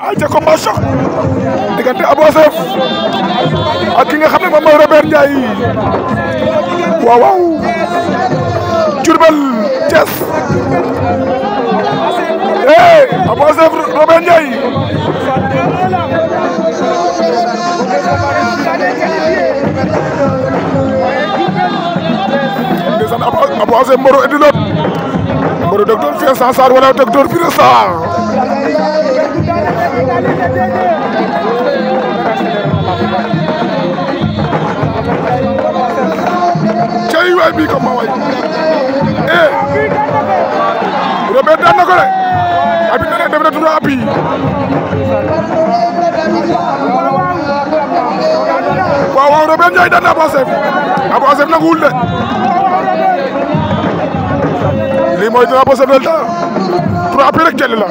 ayca combat choc diggante Abou Assef ak ki nga xam Robert Ndiaye waaw waaw Diourbel Thiès eh Abou Robert Ndiaye mboro indi loon mboro docteur wala docteur Fira Sarr cey waay bii ko ma waay eh Robert ko de abi na def na trois appuis waaw waaw Robert Ndiaye daan na Abou lii mooy dina Abou Assef del ta